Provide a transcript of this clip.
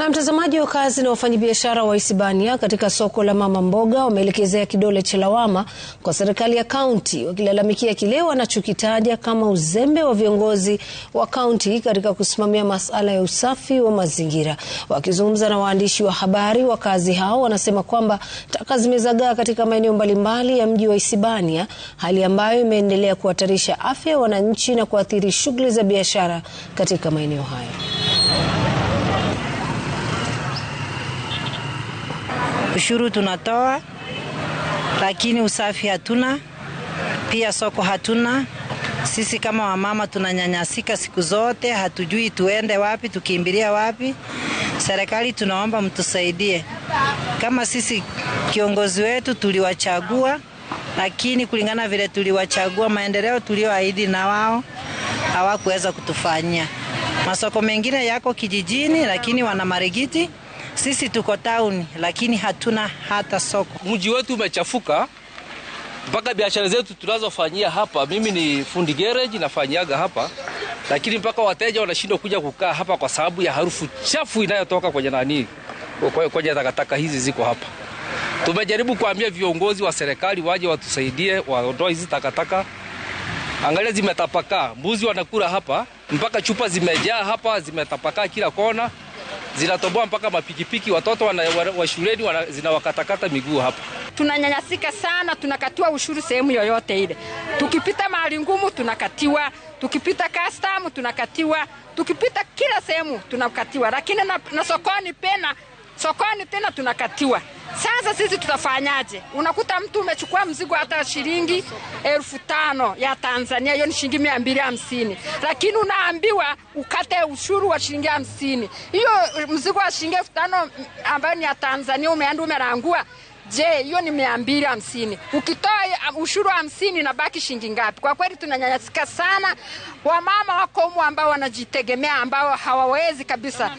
Na mtazamaji, wakazi na wafanyabiashara wa Isibania katika soko la mama mboga wameelekezea kidole cha lawama kwa serikali ya kaunti wakilalamikia kile wanachokitaja kama uzembe wa viongozi wa kaunti katika kusimamia masuala ya usafi wa mazingira. Wakizungumza na waandishi wa habari, wakazi hao wanasema kwamba taka zimezagaa katika maeneo mbalimbali ya mji wa Isibania, hali ambayo imeendelea kuhatarisha afya ya wananchi na kuathiri shughuli za biashara katika maeneo hayo. Ushuru tunatoa, lakini usafi hatuna, pia soko hatuna. Sisi kama wamama tunanyanyasika siku zote, hatujui tuende wapi, tukimbilia wapi. Serikali tunaomba mtusaidie. Kama sisi kiongozi wetu tuliwachagua, lakini kulingana vile tuliwachagua, maendeleo tulioahidi na wao hawakuweza kutufanyia. Masoko mengine yako kijijini, lakini wana marigiti sisi tuko tauni, lakini hatuna hata soko. Mji wetu umechafuka mpaka biashara zetu tunazofanyia hapa. Mimi ni fundi gereji nafanyiaga hapa, lakini mpaka wateja wanashindwa kuja kukaa hapa kwa sababu ya harufu chafu inayotoka kwenye nani, kwenye takataka hizi ziko hapa. Tumejaribu kuambia viongozi wa serikali waje watusaidie, waondoe hizi takataka. Angalia, zimetapakaa, mbuzi wanakula hapa, mpaka chupa zimejaa hapa, zimetapakaa kila kona zinatoboa mpaka mapikipiki, watoto wana, wa shuleni zinawakatakata miguu hapa. Tunanyanyasika sana, tunakatiwa ushuru sehemu yoyote ile. Tukipita mahali ngumu tunakatiwa, tukipita custom tunakatiwa, tukipita kila sehemu tunakatiwa, lakini na, na sokoni pena sokoni tena tunakatiwa. Sasa sisi tutafanyaje? Unakuta mtu umechukua mzigo hata shilingi elfu tano ya Tanzania, hiyo ni shilingi mia mbili hamsini, lakini unaambiwa ukate ushuru wa shilingi hamsini. Hiyo mzigo wa shilingi elfu tano ambayo ni ya Tanzania umeenda umerangua Je, hiyo ni mia mbili hamsini. Ukitoa ushuru hamsini baki shilingi ngapi? Kwa kweli tunanyanyasika sana, wamama wako humu ambao wanajitegemea ambao hawawezi kabisa.